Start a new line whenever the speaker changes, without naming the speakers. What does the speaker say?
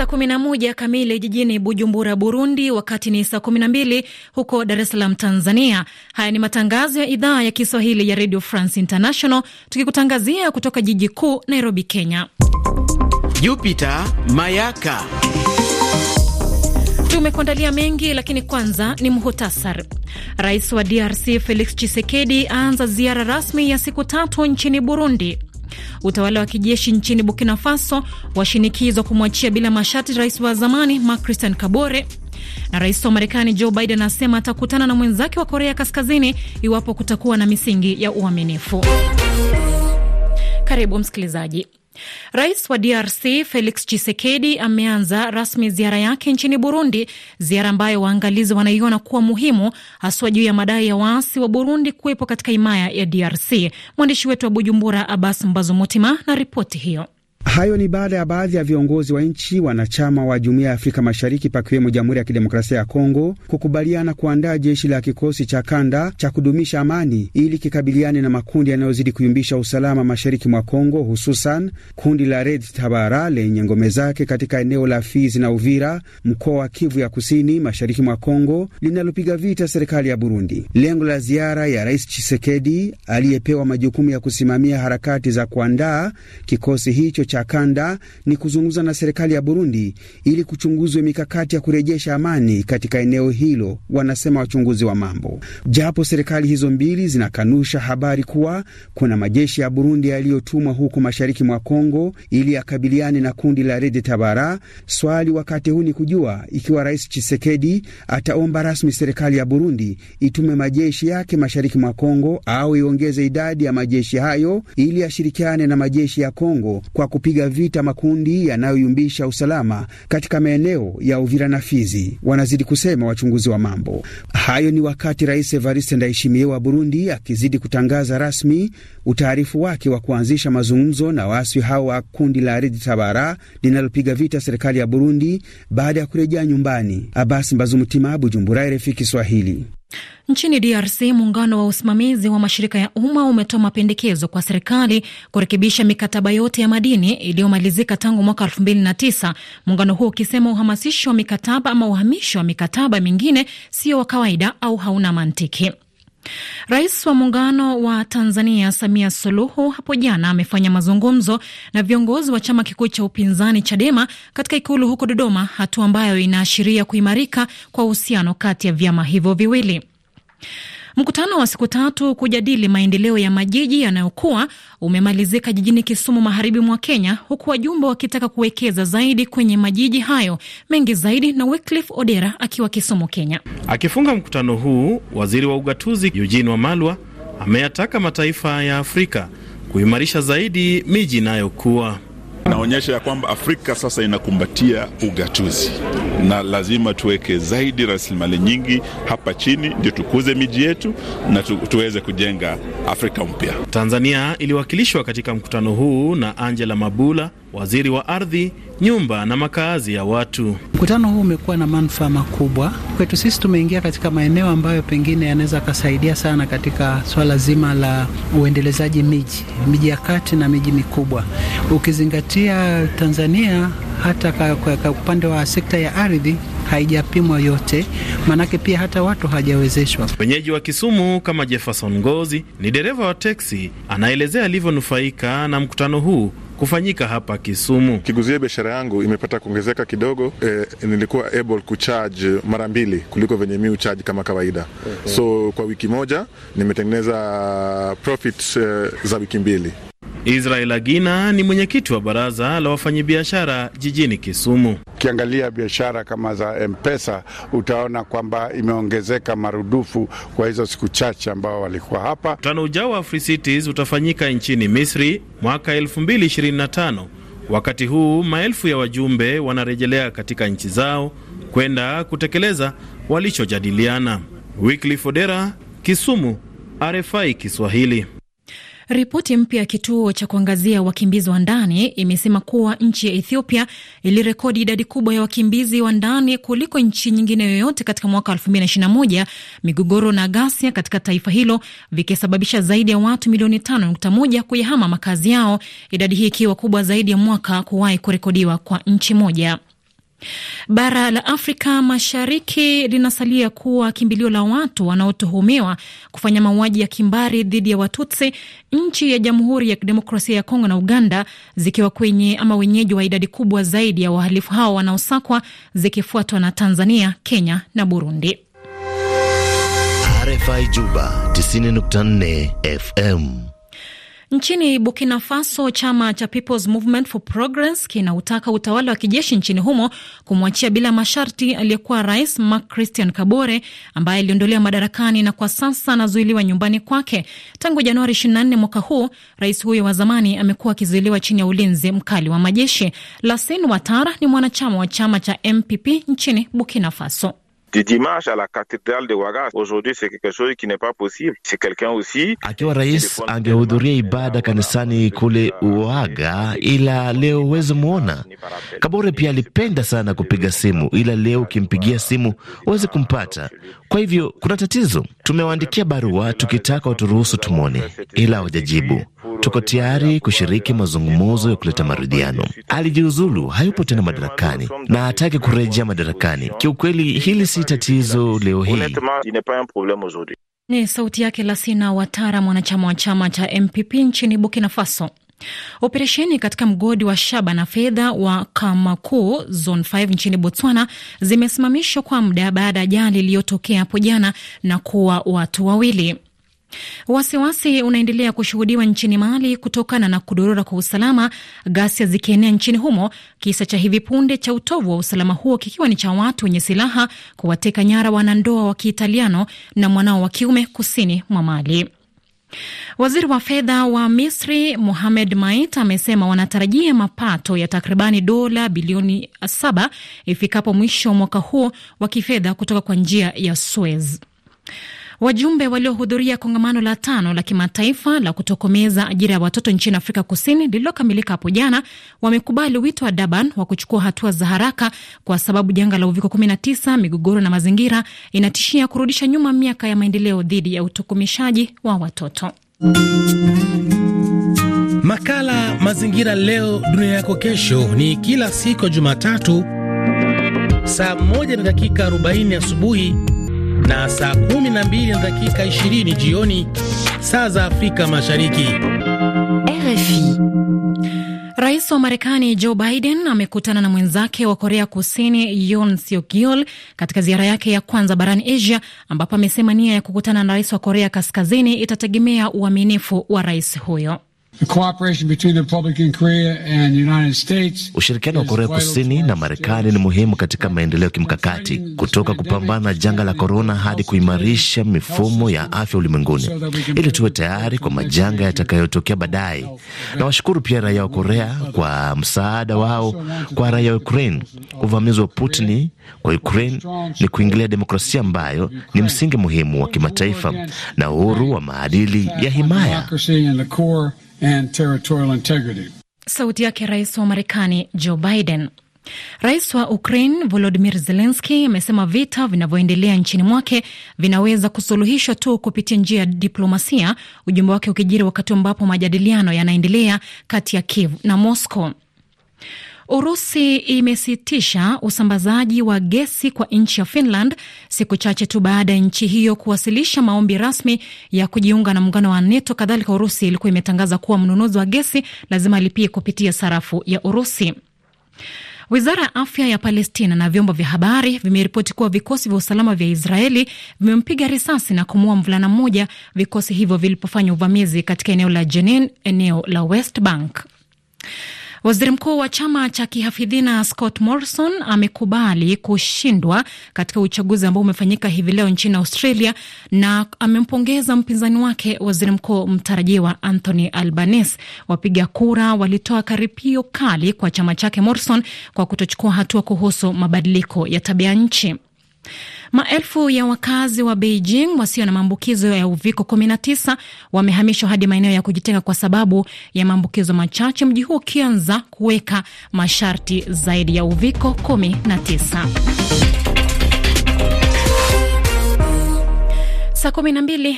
saa 11 kamili jijini Bujumbura, Burundi, wakati ni saa 12 huko Dar es Salaam, Tanzania. Haya ni matangazo ya idhaa ya Kiswahili ya Radio France International, tukikutangazia kutoka jiji kuu Nairobi, Kenya. Jupiter Mayaka Tumekuandalia mengi lakini kwanza ni muhutasar. Rais wa DRC Felix Tshisekedi aanza ziara rasmi ya siku tatu nchini Burundi. Utawala wa kijeshi nchini Burkina Faso washinikizwa kumwachia bila masharti rais wa zamani Marc Christian Kabore na rais wa Marekani Joe Biden asema atakutana na mwenzake wa Korea Kaskazini iwapo kutakuwa na misingi ya uaminifu. Karibu msikilizaji. Rais wa DRC Felix Tshisekedi ameanza rasmi ziara yake nchini Burundi, ziara ambayo waangalizi wanaiona kuwa muhimu, haswa juu ya madai ya waasi wa Burundi kuwepo katika himaya ya DRC. Mwandishi wetu wa Bujumbura, Abbas mbazumutima na ripoti hiyo.
Hayo ni baada ya baadhi ya viongozi wa nchi wanachama wa Jumuiya ya Afrika Mashariki pakiwemo Jamhuri ya Kidemokrasia ya Kongo kukubaliana kuandaa jeshi la kikosi cha kanda cha kudumisha amani ili kikabiliane na makundi yanayozidi kuyumbisha usalama mashariki mwa Kongo, hususan kundi la Red Tabara lenye ngome zake katika eneo la Fizi na Uvira, mkoa wa Kivu ya Kusini, mashariki mwa Kongo, linalopiga vita serikali ya Burundi. Lengo la ziara ya Rais chisekedi aliyepewa majukumu ya kusimamia harakati za kuandaa kikosi hicho cha kanda ni kuzungumza na serikali ya Burundi ili kuchunguzwe mikakati ya kurejesha amani katika eneo hilo, wanasema wachunguzi wa mambo. Japo serikali hizo mbili zinakanusha habari kuwa kuna majeshi ya Burundi yaliyotumwa huku mashariki mwa Kongo ili yakabiliane na kundi la Rede Tabara, swali wakati huu ni kujua ikiwa Rais Chisekedi ataomba rasmi serikali ya Burundi itume majeshi yake mashariki mwa Kongo au iongeze idadi ya majeshi hayo ili yashirikiane na majeshi ya Kongo kwa kupiga vita makundi yanayoyumbisha usalama katika maeneo ya Uvira na Fizi, wanazidi kusema wachunguzi wa mambo hayo. Ni wakati Rais Evariste Ndayishimiye wa Burundi akizidi kutangaza rasmi utaarifu wake wa kuanzisha mazungumzo na waasi hao wa kundi la Redi Tabara linalopiga vita serikali ya Burundi baada ya kurejea nyumbani. Abasi Mbazumutima, Bujumbura, RFI Kiswahili.
Nchini DRC, muungano wa usimamizi wa mashirika ya umma umetoa mapendekezo kwa serikali kurekebisha mikataba yote ya madini iliyomalizika tangu mwaka 2009, muungano huo ukisema uhamasisho wa mikataba ama uhamisho wa mikataba mingine sio wa kawaida au hauna mantiki. Rais wa Muungano wa Tanzania Samia Suluhu hapo jana amefanya mazungumzo na viongozi wa chama kikuu cha upinzani Chadema katika ikulu huko Dodoma, hatua ambayo inaashiria kuimarika kwa uhusiano kati ya vyama hivyo viwili. Mkutano wa siku tatu kujadili maendeleo ya majiji yanayokuwa umemalizika jijini Kisumu, magharibi mwa Kenya, huku wajumbe wakitaka kuwekeza zaidi kwenye majiji hayo. Mengi zaidi na Wycliffe Odera akiwa Kisumu, Kenya.
Akifunga mkutano huu, waziri wa ugatuzi Eugene Wamalwa ameyataka mataifa ya Afrika kuimarisha zaidi miji inayokuwa. Inaonyesha ya kwamba Afrika sasa inakumbatia ugatuzi na lazima tuweke zaidi rasilimali nyingi hapa chini, ndio tukuze miji yetu na tu, tuweze kujenga Afrika mpya. Tanzania iliwakilishwa katika mkutano huu na Angela Mabula, waziri wa ardhi, nyumba na makazi ya watu.
Mkutano huu umekuwa na manufaa makubwa kwetu sisi. Tumeingia katika maeneo ambayo pengine yanaweza akasaidia sana katika swala zima la uendelezaji miji, miji ya kati na miji mikubwa, ukizingatia Tanzania hata kwa, kwa, kwa upande wa sekta ya ardhi haijapimwa yote, maanake pia hata watu hawajawezeshwa. Wenyeji wa
Kisumu kama Jefferson Ngozi ni dereva wa teksi, anaelezea alivyonufaika na mkutano huu kufanyika hapa Kisumu. Kiguzia biashara yangu imepata kuongezeka kidogo E, nilikuwa able kucharge mara mbili kuliko venye mi ucharge kama kawaida okay. Mhm. So kwa wiki moja nimetengeneza profit e, za wiki mbili. Israel Agina ni mwenyekiti wa baraza la wafanyabiashara jijini Kisumu. Ukiangalia biashara kama za Mpesa utaona kwamba imeongezeka marudufu kwa hizo siku chache ambao walikuwa hapa. Mkutano ujao wa Free Cities utafanyika nchini Misri mwaka 2025. Wakati huu maelfu ya wajumbe wanarejelea katika nchi zao kwenda kutekeleza walichojadiliana. Wycliffe Fodera, Kisumu, RFI Kiswahili.
Ripoti mpya ya kituo cha kuangazia wakimbizi wa ndani imesema kuwa nchi ya Ethiopia ilirekodi idadi kubwa ya wakimbizi wa ndani kuliko nchi nyingine yoyote katika mwaka 2021, migogoro na ghasia katika taifa hilo vikisababisha zaidi ya watu milioni 5.1 kuyahama makazi yao, idadi hii ikiwa kubwa zaidi ya mwaka kuwahi kurekodiwa kwa nchi moja. Bara la Afrika Mashariki linasalia kuwa kimbilio la watu wanaotuhumiwa kufanya mauaji ya kimbari dhidi ya Watutsi, nchi ya Jamhuri ya Kidemokrasia ya Kongo na Uganda zikiwa kwenye ama wenyeji wa idadi kubwa zaidi ya wahalifu hao wanaosakwa, zikifuatwa na Tanzania, Kenya na Burundi.
RFI Juba 90.4 FM.
Nchini Burkina Faso, chama cha People's Movement for Progress kinautaka utawala wa kijeshi nchini humo kumwachia bila masharti aliyekuwa rais Marc Christian Kabore ambaye aliondolewa madarakani na kwa sasa anazuiliwa nyumbani kwake. Tangu Januari 24 mwaka huu, rais huyo wa zamani amekuwa akizuiliwa chini ya ulinzi mkali wa majeshi. Lassine Ouattara ni mwanachama wa chama cha MPP nchini Burkina Faso
du dimanche à la cathédrale de Ouagas. Aujourd'hui, c'est quelque chose qui n'est pas possible. C'est quelqu'un aussi. Akiwa
rais angehudhuria ibada kanisani kule Uaga, ila leo huwezi mwona. Kabore pia alipenda sana kupiga simu, ila leo ukimpigia simu huwezi kumpata. Kwa hivyo kuna tatizo. Tumewaandikia barua tukitaka waturuhusu tumwone, ila hawajajibu tuko tayari kushiriki mazungumzo ya kuleta maridhiano. Alijiuzulu, hayupo tena madarakani na hataki kurejea madarakani. Kiukweli hili si tatizo leo hii.
Ni sauti yake lasina Watara, mwanachama wa chama cha MPP nchini Burkina Faso. Operesheni katika mgodi wa shaba na fedha wa Kamakuu Zone 5 nchini Botswana zimesimamishwa kwa muda baada ya ajali iliyotokea hapo jana na kuwa watu wawili. Wasiwasi unaendelea kushuhudiwa nchini Mali kutokana na kudorora kwa usalama, ghasia zikienea nchini humo, kisa cha hivi punde cha utovu wa usalama huo kikiwa ni cha watu wenye silaha kuwateka nyara wanandoa wa Kiitaliano na mwanao wa kiume kusini mwa Mali. Waziri wa fedha wa Misri Mohamed Mait amesema wanatarajia mapato ya takribani dola bilioni saba ifikapo mwisho wa mwaka huo wa kifedha kutoka kwa njia ya Suez. Wajumbe waliohudhuria kongamano la tano la kimataifa la kutokomeza ajira ya watoto nchini Afrika Kusini lililokamilika hapo jana wamekubali wito wa Durban wa kuchukua hatua za haraka, kwa sababu janga la uviko 19, migogoro na mazingira inatishia kurudisha nyuma miaka ya maendeleo dhidi ya utokomeshaji wa watoto.
Makala Mazingira Leo Dunia Yako Kesho ni kila siku ya Jumatatu saa 1 na dakika 40 asubuhi na saa 12 na dakika 20 jioni saa za Afrika Mashariki.
RFI. Rais wa Marekani Joe Biden amekutana na mwenzake wa Korea Kusini Yoon Suk Yeol katika ziara yake ya kwanza barani Asia, ambapo amesema nia ya kukutana na rais wa Korea Kaskazini itategemea uaminifu wa rais huyo.
Ushirikiano wa Korea Kusini na Marekani ni muhimu katika maendeleo ya kimkakati, kutoka kupambana na janga la korona hadi kuimarisha mifumo ya afya ulimwenguni, ili tuwe tayari kwa majanga yatakayotokea baadaye. Na washukuru pia raia wa Korea kwa msaada wao kwa raia wa Ukraine. Uvamizi wa Putini kwa Ukraine ni kuingilia demokrasia ambayo ni msingi muhimu wa kimataifa na uhuru wa maadili ya himaya and territorial integrity.
Sauti yake Rais wa Marekani Joe Biden. Rais wa Ukraine Volodimir Zelenski amesema vita vinavyoendelea nchini mwake vinaweza kusuluhishwa tu kupitia njia ya diplomasia, ujumbe wake ukijiri wakati ambapo majadiliano yanaendelea kati ya Kiev na Moscow. Urusi imesitisha usambazaji wa gesi kwa nchi ya Finland siku chache tu baada ya nchi hiyo kuwasilisha maombi rasmi ya kujiunga na muungano wa NATO. Kadhalika, Urusi ilikuwa imetangaza kuwa mnunuzi wa gesi lazima alipie kupitia sarafu ya Urusi. Wizara ya afya ya Palestina na vyombo vya habari vimeripoti kuwa vikosi vya usalama vya Israeli vimempiga risasi na kumuua mvulana mmoja, vikosi hivyo vilipofanya uvamizi katika eneo la Jenin, eneo la West Bank. Waziri mkuu wa chama cha kihafidhina Scott Morrison amekubali kushindwa katika uchaguzi ambao umefanyika hivi leo nchini Australia na amempongeza mpinzani wake waziri mkuu mtarajiwa Anthony Albanese. Wapiga kura walitoa karipio kali kwa chama chake Morrison kwa kutochukua hatua kuhusu mabadiliko ya tabia nchi. Maelfu ya wakazi wa Beijing wasio na maambukizo ya uviko 19 wamehamishwa hadi maeneo ya kujitenga kwa sababu ya maambukizo machache, mji huo ukianza kuweka masharti zaidi ya uviko 19. Saa 12